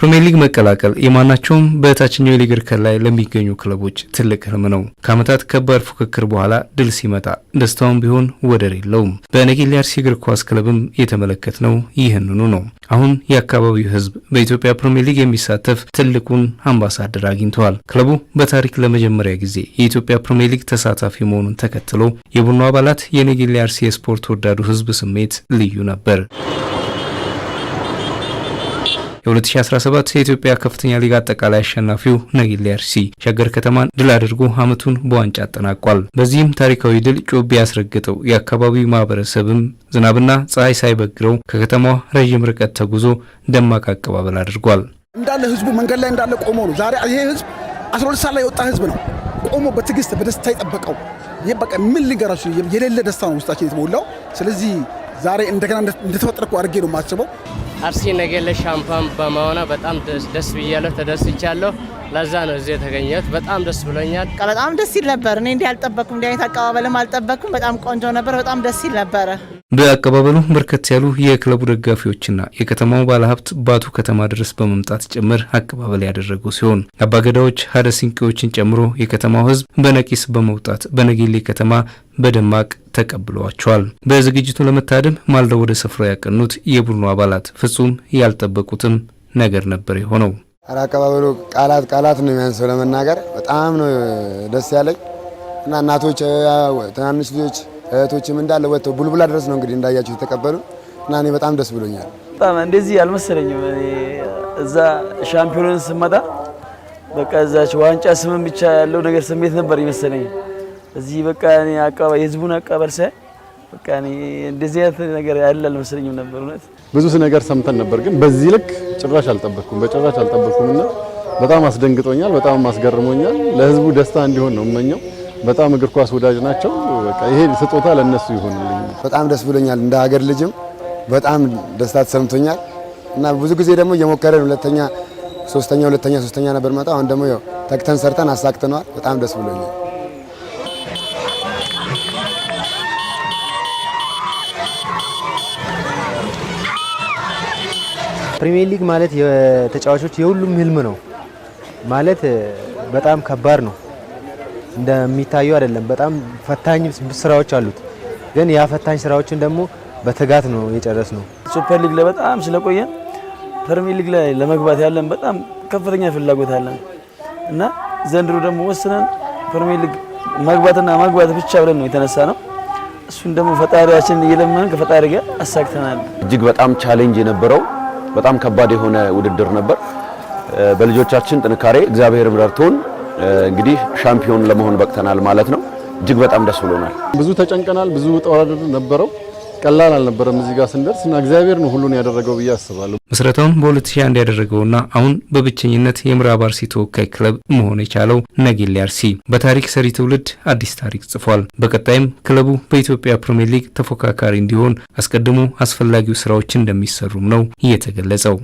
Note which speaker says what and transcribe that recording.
Speaker 1: ፕሪሚየር ሊግ መቀላቀል የማናቸውም በታችኛው የሊግ እርከን ላይ ለሚገኙ ክለቦች ትልቅ ህልም ነው። ከዓመታት ከባድ ፉክክር በኋላ ድል ሲመጣ ደስታውም ቢሆን ወደር የለውም። በነገሌ አርሲ እግር ኳስ ክለብም ነው ይህንኑ ነው። አሁን የአካባቢው ህዝብ በኢትዮጵያ ፕሪሚየር ሊግ የሚሳተፍ ትልቁን አምባሳደር አግኝተዋል። ክለቡ በታሪክ ለመጀመሪያ ጊዜ የኢትዮጵያ ፕሪሚየር ሊግ ተሳታፊ መሆኑን ተከትሎ የቡኑ አባላት የነገሌ አርሲ የስፖርት ወዳዱ ህዝብ ስሜት ልዩ ነበር። የ2017 የኢትዮጵያ ከፍተኛ ሊግ አጠቃላይ አሸናፊው ነጊሌ አርሲ ሸገር ከተማን ድል አድርጎ ዓመቱን በዋንጫ አጠናቋል። በዚህም ታሪካዊ ድል ጮቤ ያስረግጠው የአካባቢው ማህበረሰብም ዝናብና ፀሐይ ሳይበግረው ከከተማዋ ረዥም ርቀት ተጉዞ ደማቅ አቀባበል አድርጓል።
Speaker 2: እንዳለ ህዝቡ መንገድ ላይ እንዳለ ቆሞ ነው። ዛሬ ይሄ ህዝብ 12 ሰዓት ላይ የወጣ ህዝብ ነው ቆሞ በትግስት በደስታ የጠበቀው ይህ በቃ ምን ልንገራችሁ የሌለ ደስታ ነው ውስጣችን የተሞላው። ስለዚህ ዛሬ እንደገና እንደተፈጠርኩ አድርጌ ነው የማስበው።
Speaker 3: አርሲ ነገለ ሻምፒዮን በመሆኗ በጣም ደስ ብያለሁ፣ ተደስቻለሁ። ለዛ ነው እዚህ የተገኘሁት። በጣም ደስ ብሎኛል።
Speaker 4: በጣም ደስ ይል ነበር። እኔ እንዲህ አልጠበኩም፣ እንዲህ አይነት አቀባበልም አልጠበኩም። በጣም ቆንጆ ነበር። በጣም ደስ ይል ነበረ።
Speaker 1: በአቀባበሉ በርከት ያሉ የክለቡ ደጋፊዎችና የከተማው ባለሀብት ባቱ ከተማ ድረስ በመምጣት ጭምር አቀባበል ያደረጉ ሲሆን አባገዳዎች ሀደ ሲንቄዎችን ጨምሮ የከተማው ህዝብ በነቂስ በመውጣት በነጌሌ ከተማ በደማቅ ተቀብለዋቸዋል። በዝግጅቱ ለመታደም ማልደው ወደ ስፍራው ያቀኑት የቡድኑ አባላት ፍጹም ያልጠበቁትም ነገር ነበር የሆነው።
Speaker 5: ኧረ አቀባበሉ ቃላት ቃላት ነው የሚያንሰው ለመናገር። በጣም ነው ደስ ያለኝ እና እናቶች፣ ትናንሽ ልጆች እህቶችም እንዳለ ወጥተው ቡልቡላ ድረስ ነው እንግዲህ እንዳያቸው የተቀበሉ እና እኔ በጣም ደስ ብሎኛል።
Speaker 6: በጣም እንደዚህ አልመሰለኝም። እዛ ሻምፒዮንን ስመጣ በቃ እዛች ዋንጫ ስምም ብቻ ያለው ነገር ስሜት ነበር ይመስለኝ። እዚህ በቃ እኔ አቀባ የህዝቡን አቀባበል ሳይ በቃ እኔ እንደዚህ አይነት ነገር ያለ አልመሰለኝም ነበር። እውነት
Speaker 7: ብዙ ነገር ሰምተን ነበር፣ ግን በዚህ ልክ ጭራሽ አልጠበቅኩም፣ በጭራሽ አልጠበቅኩም እና በጣም አስደንግጦኛል፣ በጣም አስገርሞኛል። ለህዝቡ ደስታ እንዲሆን ነው እመኘው። በጣም እግር ኳስ ወዳጅ ናቸው። በቃ ይሄ ስጦታ ለነሱ ይሆንልኝ።
Speaker 8: በጣም ደስ ብሎኛል። እንደ ሀገር ልጅም በጣም ደስታ ተሰምቶኛል እና ብዙ ጊዜ ደግሞ እየሞከረን ሁለተኛ፣ ሶስተኛ፣ ሁለተኛ፣ ሶስተኛ ነበር መጣ። አሁን ደግሞ ተክተን ሰርተን አሳክተነዋል። በጣም ደስ ብሎኛል።
Speaker 9: ፕሪሚየር ሊግ ማለት የተጫዋቾች የሁሉም ህልም ነው ማለት በጣም ከባድ ነው እንደሚታዩ አይደለም። በጣም ፈታኝ ስራዎች አሉት። ግን ያ ፈታኝ ስራዎችን ደግሞ በትጋት ነው የጨረስ ነው።
Speaker 10: ሱፐር ሊግ ላይ በጣም ስለቆየን ፕሪሚየር ሊግ ላይ ለመግባት ያለን በጣም ከፍተኛ ፍላጎት አለን እና ዘንድሮ ደግሞ ወስነን ፕሪሚየር ሊግ መግባትና መግባት ብቻ ብለን ነው የተነሳ ነው። እሱን ደግሞ ፈጣሪያችን እየለመን ከፈጣሪ ጋር አሳክተናል።
Speaker 11: እጅግ በጣም ቻሌንጅ የነበረው በጣም ከባድ የሆነ ውድድር ነበር። በልጆቻችን ጥንካሬ እግዚአብሔር ረድቶን እንግዲህ ሻምፒዮን ለመሆን በቅተናል ማለት ነው። እጅግ በጣም ደስ ብሎናል።
Speaker 12: ብዙ ተጨንቀናል። ብዙ ውጣ ነበረው። ቀላል አልነበረም እዚህ ጋር ስንደርስ እና እግዚአብሔር ነው ሁሉን ያደረገው ብዬ አስባለሁ።
Speaker 1: ምስረታውን በ2001 ያደረገውና አሁን በብቸኝነት የምዕራብ አርሲ ተወካይ ክለብ መሆን የቻለው ነጌሌ አርሲ በታሪክ ሰሪ ትውልድ አዲስ ታሪክ ጽፏል። በቀጣይም ክለቡ በኢትዮጵያ ፕሪምየር ሊግ ተፎካካሪ እንዲሆን አስቀድሞ አስፈላጊው ስራዎች እንደሚሰሩም ነው እየተገለጸው።